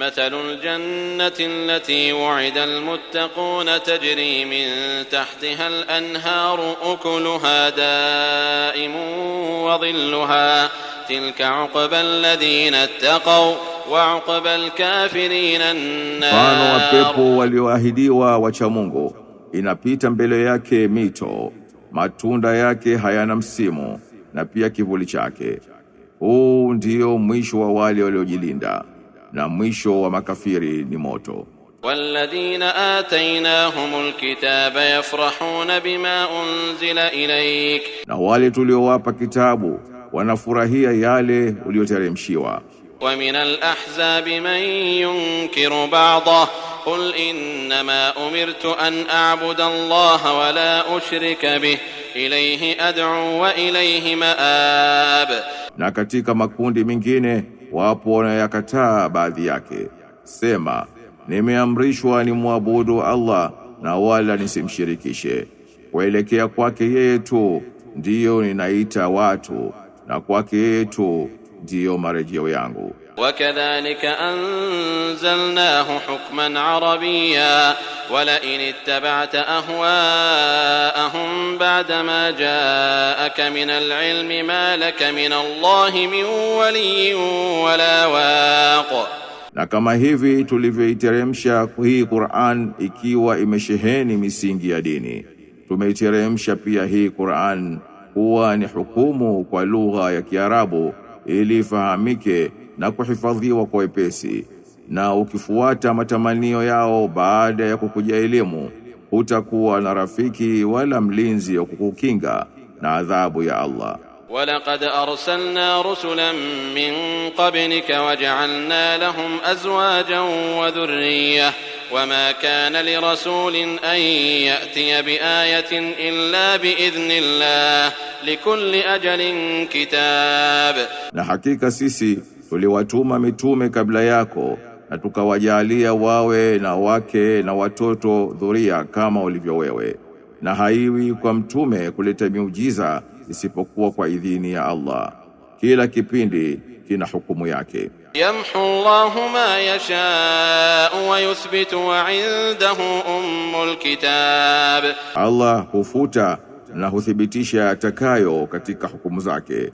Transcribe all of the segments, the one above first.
مثل الجنة التي وعد المتقون تجري من تحتها الأنهار أكلها دائم وظلها تلك عقبى الذين اتقوا وعقبى الكافرين النار وبيبو وليواهدي yake ميتو ماتوندا yake هيانا مسيمو na pia kivuli chake huu ndio mwisho wa wale waliojilinda wali na mwisho wa makafiri ni moto. walladhina atainahumul kitaba yafrahuna bima unzila ilaik, na wale tuliowapa kitabu wanafurahia yale ulioteremshiwa. wa minal ahzabi man yunkiru ba'dahu qul innama umirtu an a'budu allaha wa la ushrika bihi ilayhi ad'u wa ilayhi ma'ab, na katika makundi mengine wapo wanayakataa baadhi yake. Sema, nimeamrishwa nimwabudu Allah na wala nisimshirikishe. Kuelekea kwake yeye tu ndiyo ninaita watu na kwake yeye tu ndiyo marejeo yangu. وكذلك أنزلناه حكما عربيا ولئن اتبعت أهواءهم بعدما جاءك من العلم ما لك من الله من ولي ولا واق na kama hivi tulivyoiteremsha hii Qur'an ikiwa imesheheni misingi ya dini tumeiteremsha pia hii Qur'an kuwa ni hukumu kwa lugha ya Kiarabu ili ifahamike na kuhifadhiwa kwa wepesi, na ukifuata matamanio yao baada ya kukuja elimu, hutakuwa na rafiki wala mlinzi wa kukukinga na adhabu ya Allah. Walaqad arsalna rusulan min qablika waj'alna lahum azwajan wa dhurriyyah wama kana lirasulin an ya'tiya biayatin illa biidhnillah likulli ajalin kitab, na hakika sisi tuliwatuma mitume kabla yako na tukawajalia wawe na wake na watoto dhuria kama ulivyo wewe, na haiwi kwa mtume kuleta miujiza isipokuwa kwa idhini ya Allah. Kila kipindi kina hukumu yake. Yamhu Allahu ma yasha wa yuthbitu wa indahu ummul kitab, Allah hufuta na huthibitisha atakayo katika hukumu zake,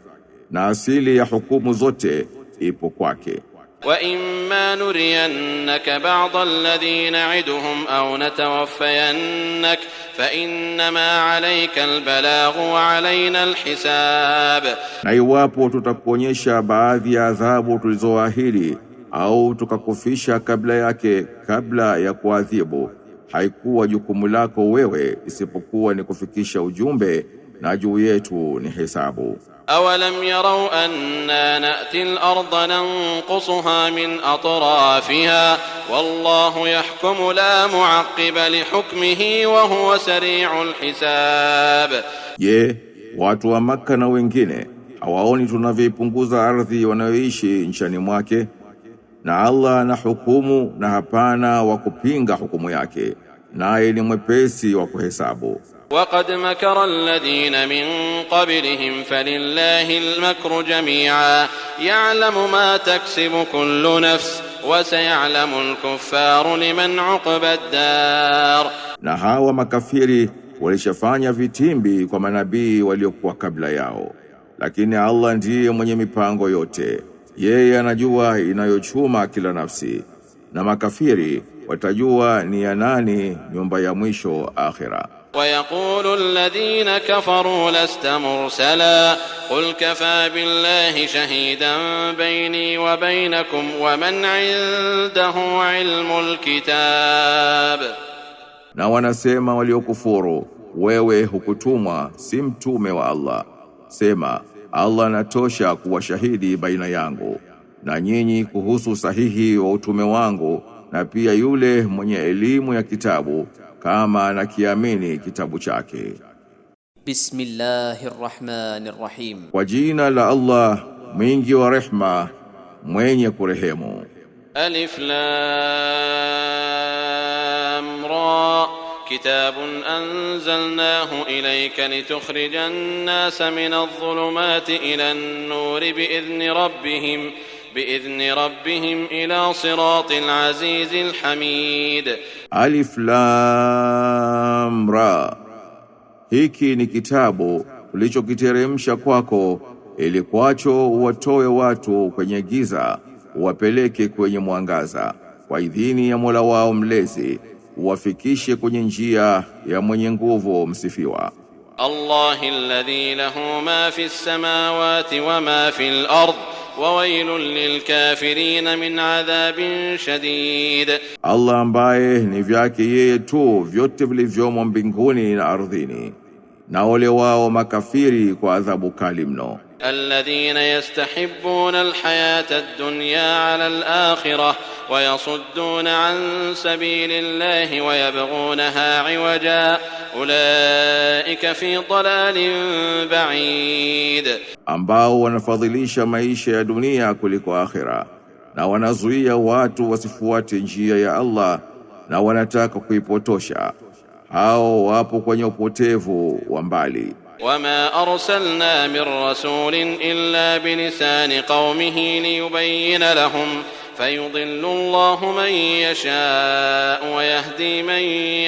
na asili ya hukumu zote ipo kwake. Wa imma nuriyannaka ba'dha alladhi na'iduhum au natawaffayannak fa innama alayka albalaghu wa alayna alhisab, na iwapo tutakuonyesha baadhi ya adhabu tulizoahidi au tukakufisha kabla yake, kabla ya kuadhibu, haikuwa jukumu lako wewe isipokuwa ni kufikisha ujumbe, na juu yetu ni hesabu. أولم يروا أنا نأتي الأرض ننقصها من أطرافها والله يحكم لا معقب لحكمه وهو سريع الحساب Je, watu wa maka na wengine hawaoni tunavyoipunguza ardhi wanayoishi nchani mwake na Allah hukumu na hapana wa kupinga hukumu yake naye ni mwepesi wa kuhesabu. Waqad makara alladhina min qablihim falillahi almakru jami'a ya'lamu ma taksibu kullu nafs wa sayalamu alkuffaru liman uqba ad-dar, na hawa makafiri walishafanya vitimbi kwa manabii waliokuwa kabla yao, lakini Allah ndiye mwenye mipango yote, yeye anajua inayochuma kila nafsi, na makafiri watajua ni ya nani nyumba ya mwisho akhira. Wayaqulu alladhina kafaru lasta mursala qul kafa billahi shahidan bayni wa baynakum wa man indahu ilmul kitab, na wanasema waliokufuru, wewe hukutumwa si mtume wa Allah. Sema, Allah anatosha kuwa shahidi baina yangu na nyinyi kuhusu sahihi wa utume wangu na pia yule mwenye elimu ya kitabu kama anakiamini kitabu chake. Bismillahirrahmanirrahim, kwa jina la Allah mwingi wa rehma mwenye kurehemu. Alif Lam Ra Kitabun anzalnahu ilayka litukhrija an-nasa min adh-dhulumati ila an-nuri bi'idhni rabbihim biidhni rabbihim ila siratil azizil hamid. Alif Lam Ra, hiki ni kitabu tulichokiteremsha kwako ili kwacho watoe watu kwenye giza wapeleke kwenye mwangaza kwa idhini ya Mola wao mlezi wafikishe kwenye njia ya mwenye nguvu msifiwa. Allahi alladhi lahu ma fis samawati wa ma fil ardh وويل للكافرين من adhabin shadid. Allah ambaye ni vyake yeye tu vyote vilivyomo mbinguni na ardhini, na ole wao makafiri kwa adhabu kali mno. الذين يستحبون الحياة الدنيا على الآخرة ويصدون عن سبيل الله ويبغونها عوجا أولئك في ضلال بعيد ambao wanafadhilisha maisha ya dunia kuliko akhira na wanazuia watu wasifuate njia ya Allah na wanataka kuipotosha hao wapo kwenye upotevu wa mbali وما أرسلنا من رسول إلا بلسان قومه ليبين لهم فيضل الله من يشاء ويهدي من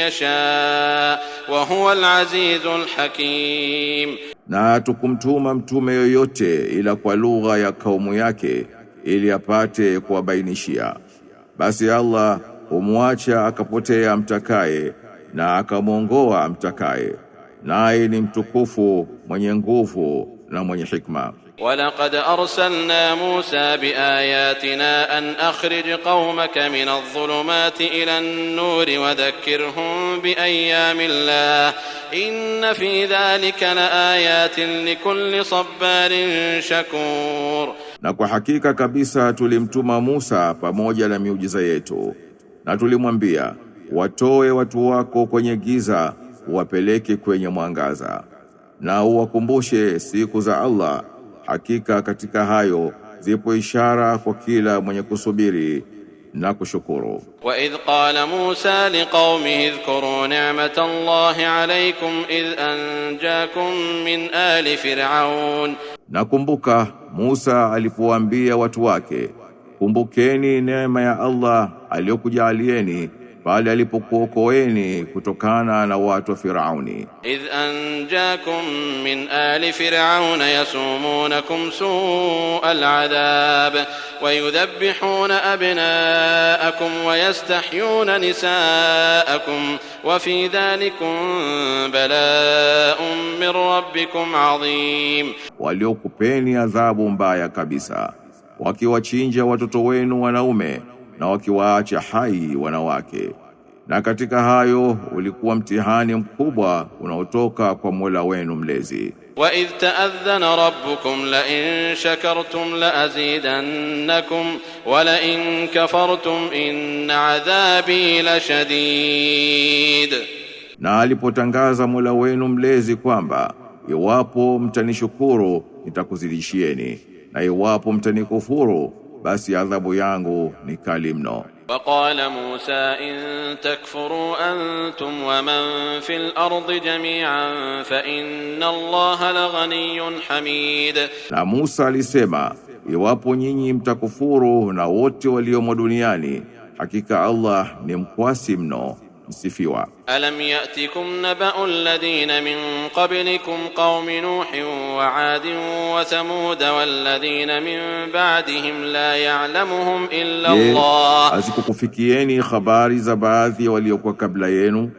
يشاء وهو العزيز الحكيم na hatukumtuma mtume yoyote ila kwa lugha ya kaumu yake ili apate kuwabainishia basi Allah humwacha akapotea mtakaye na akamwongoa mtakaye naye ni mtukufu mwenye nguvu na mwenye hikma. walaqad arsalna Musa biayatina an akhrij qaumaka min adh-dhulumati ila an-nuri wa dhakkirhum biayami llah inna fi dhalika laayatin likulli sabarin shakur, na kwa hakika kabisa tulimtuma Musa pamoja na miujiza yetu na tulimwambia watoe watu wako kwenye giza uwapeleke kwenye mwangaza na uwakumbushe siku za Allah. Hakika katika hayo zipo ishara kwa kila mwenye kusubiri na kushukuru. wa idh qala Musa liqaumihi dhkuru ni'mata Allahi alaykum idh anjakum min ali fir'aun, nakumbuka Musa alipowaambia watu wake, kumbukeni neema ya Allah aliyokujaalieni pale alipokuokoeni kutokana na watu wa Firauni. idh anjakum min ali firauna yasumunakum su aladhab wa yudhabbihuna abnaakum wa yastahyuna nisaakum wa fi dhalikum bala'un min rabbikum adhim, waliokupeni adhabu mbaya kabisa wakiwachinja watoto wenu wanaume na wakiwaacha hai wanawake. Na katika hayo ulikuwa mtihani mkubwa unaotoka kwa Mola wenu mlezi. Wa idh ta'adhana rabbukum la in shakartum la azidannakum wa la in kafartum in adhabi la shadid. Na alipotangaza Mola wenu mlezi kwamba iwapo mtanishukuru nitakuzidishieni na iwapo mtanikufuru basi adhabu yangu ni kali mno. Waqala Musa in takfuru antum wa man fil ardi jami'an fa inna la ghaniyyun hamid, na Musa alisema iwapo nyinyi mtakufuru na wote waliomo duniani, hakika Allah ni mkwasi mno msifiwa. Alam yatikum naba'u alladhina min qablikum qaumi nuhin wa 'adin wa thamud walladhina min ba'dihim la ya'lamuhum illa Allah, azikukufikieni habari za baadhi waliokuwa kabla yenu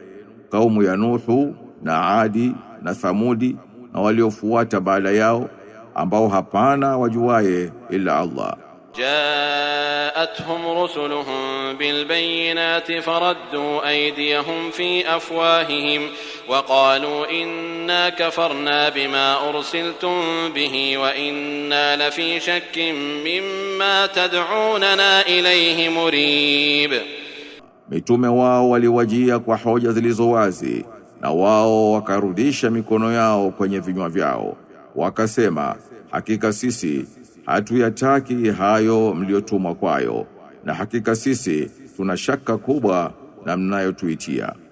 kaumu ya Nuhu na Adi na Thamudi na waliofuata baada yao ambao hapana wajuaye ila Allah جاءتهم رسلهم بالبينات فردوا أيديهم في أفواههم وقالوا إنا كفرنا بما أرسلتم به وإنا لفي شك مما تدعوننا إليه مريب mitume wao waliwajia kwa hoja zilizo wazi na wao wakarudisha mikono yao kwenye vinywa vyao wakasema hakika sisi hatuyataki hayo mliyotumwa kwayo, na hakika sisi tuna shaka kubwa na mnayotuitia.